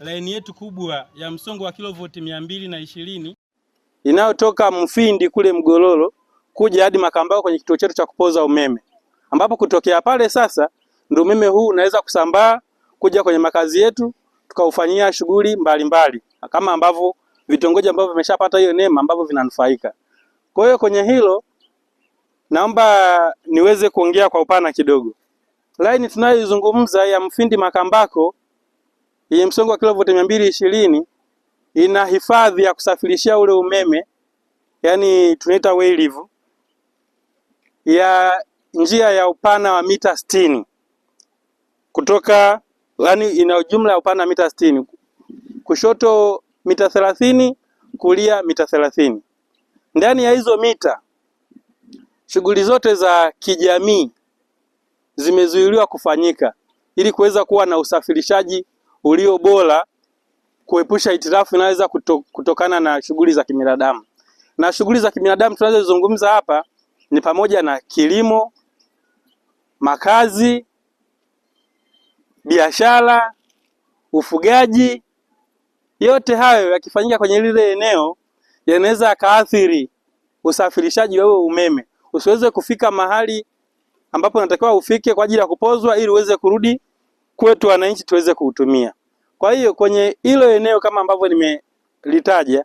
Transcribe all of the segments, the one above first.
laini yetu kubwa ya msongo wa kilovoti mia mbili na ishirini inayotoka Mfindi kule Mgololo kuja hadi Makambao kwenye kituo chetu cha kupoza umeme, ambapo kutokea pale sasa ndio umeme huu unaweza kusambaa kuja kwenye makazi yetu tukaufanyia shughuli mbalimbali, kama ambavyo vitongoji ambavyo vimeshapata hiyo neema ambavyo vinanufaika. Kwa hiyo kwenye hilo naomba niweze kuongea kwa upana kidogo. Laini tunayoizungumza ya Mfindi Makambako yenye msongo wa kilovolti mia mbili ishirini ina hifadhi ya kusafirishia ule umeme, yani tunaita wave ya njia ya upana wa mita sitini kutoka yani, ina jumla ya upana wa mita sitini kushoto mita thelathini kulia mita thelathini Ndani ya hizo mita shughuli zote za kijamii zimezuiliwa kufanyika ili kuweza kuwa na usafirishaji ulio bora kuepusha hitilafu inaweza kuto, kutokana na shughuli za kibinadamu. Na shughuli za kibinadamu tunazozungumza hapa ni pamoja na kilimo, makazi, biashara, ufugaji. Yote hayo yakifanyika kwenye lile eneo yanaweza yakaathiri usafirishaji wa umeme, usiweze kufika mahali ambapo unatakiwa ufike kwa ajili ya kupozwa ili uweze kurudi kwetu wananchi tuweze kuutumia. Kwa hiyo kwenye hilo eneo kama ambavyo nimelitaja,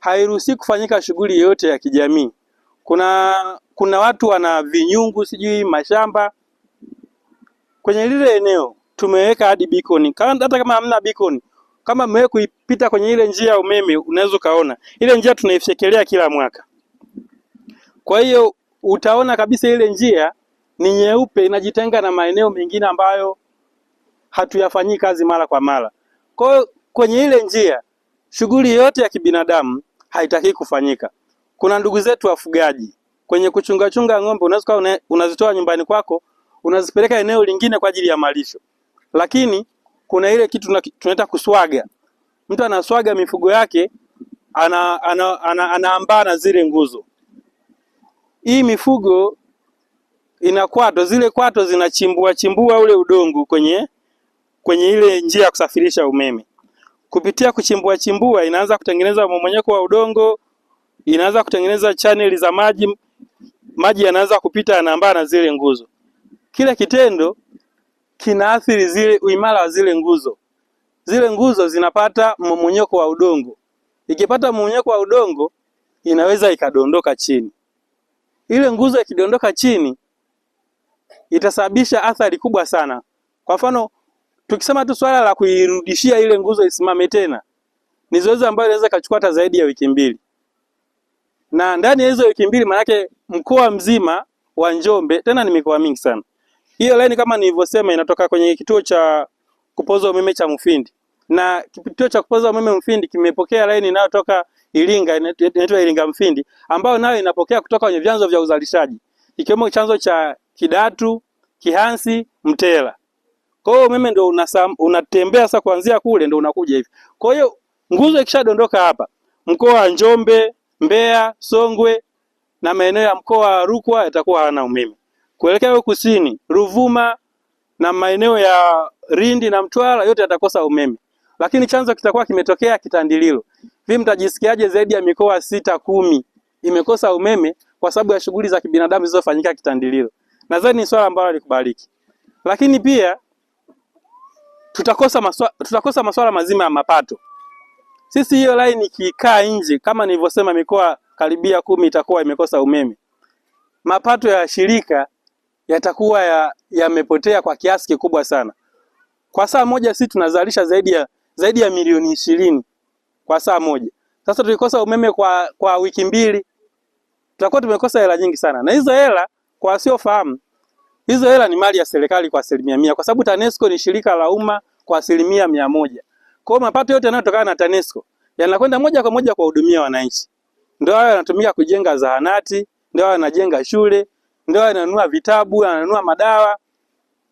hairuhusi kufanyika shughuli yoyote ya kijamii. Kuna kuna watu wana vinyungu sijui mashamba kwenye lile eneo, tumeweka hadi beacon. Hata kama hamna beacon, kama mmewe kuipita kwenye ile njia ya umeme, unaweza ukaona ile njia tunaifyekelea kila mwaka. Kwa hiyo utaona kabisa ile njia ni nyeupe, inajitenga na maeneo mengine ambayo hatuyafanyii kazi mara kwa mara. Kwa hiyo kwenye ile njia shughuli yote ya kibinadamu haitaki kufanyika. Kuna ndugu zetu wafugaji kwenye kuchunga chunga ng'ombe, unaweza unazitoa nyumbani kwako unazipeleka eneo lingine kwa ajili ya malisho, lakini kuna ile kitu tunaita kuswaga. Mtu anaswaga mifugo yake ana, ana, ana, anaambana zile nguzo. Hii mifugo ina kwato, zile kwato zinachimbua chimbua ule udongo kwenye kwenye ile njia ya kusafirisha umeme. Kupitia kuchimbua chimbua, inaanza kutengeneza mmomonyoko wa udongo, inaanza kutengeneza chaneli za maji, maji yanaanza kupita yanaambaa na zile nguzo. Kile kitendo kinaathiri zile uimara wa zile nguzo. Zile nguzo zinapata mmomonyoko wa udongo, ikipata mmomonyoko wa udongo inaweza ikadondoka chini. Ile nguzo ikidondoka chini itasababisha athari kubwa sana. Kwa mfano Tukisema tu swala la kuirudishia ile nguzo isimame tena ni zoezi ambalo inaweza kachukua hata zaidi ya wiki mbili, na ndani ya hizo wiki mbili maanake mkoa mzima wa Njombe, tena ni mikoa mingi sana. Hiyo laini kama nilivyosema inatoka kwenye kituo cha kupoza umeme cha Mufindi, na kituo cha kupoza umeme Mufindi kimepokea laini inayotoka Iringa, inaitwa Iringa Mfindi, ambayo nayo inapokea kutoka kwenye vyanzo vya uzalishaji ikiwemo chanzo cha Kidatu, Kihansi, Mtela. Kwa hiyo umeme ndio unatembea sasa kuanzia kule ndio unakuja hivi. Kwa hiyo nguzo ikishadondoka hapa mkoa wa Njombe, Mbeya, Songwe na maeneo ya mkoa wa Rukwa yatakuwa hana umeme. Kuelekea huko kusini, Ruvuma na maeneo ya Lindi na Mtwara yote yatakosa umeme. Lakini chanzo kitakuwa kimetokea Kitandililo. Vipi mtajisikiaje zaidi ya mikoa sita kumi imekosa umeme kwa sababu ya shughuli za kibinadamu zilizofanyika Kitandililo? Nadhani ni swala ambalo halikubaliki. Lakini pia tutakosa maswala, tutakosa maswala mazima ya mapato. Sisi hiyo line ikikaa nje, kama nilivyosema, mikoa karibia kumi itakuwa imekosa umeme. Mapato ya shirika yatakuwa yamepotea ya kwa kiasi kikubwa sana. Kwa saa moja sisi tunazalisha zaidi ya zaidi ya milioni ishirini kwa saa moja. Sasa tukikosa umeme kwa, kwa wiki mbili, tutakuwa tumekosa hela nyingi sana, na hizo hela kwa wasiofahamu Hizo hela ni mali ya serikali kwa asilimia mia, kwa sababu TANESCO ni shirika la umma kwa asilimia mia moja. Kwa hiyo mapato yote yanayotokana na TANESCO yanakwenda moja kwa moja kuwahudumia wananchi. Ndio hayo yanatumika kujenga zahanati, ndio hayo yanajenga shule, ndio hayo yananunua vitabu, yananunua madawa,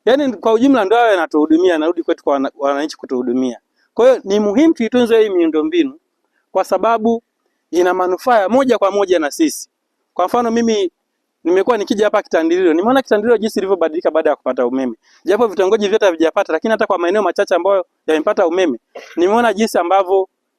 yaani kwa ujumla ndio hayo yanatuhudumia, yanarudi kwetu kwa wananchi kutuhudumia. Kwa hiyo ni muhimu tuitunze hii miundombinu kwa sababu ina manufaa moja kwa moja na sisi. Kwa mfano mimi Nimekuwa nikija hapa Kitandililo, nimeona Kitandililo jinsi ilivyobadilika baada ya kupata umeme, japo vitongoji vyote havijapata, lakini hata kwa maeneo machache ambayo yamepata umeme nimeona jinsi ambavyo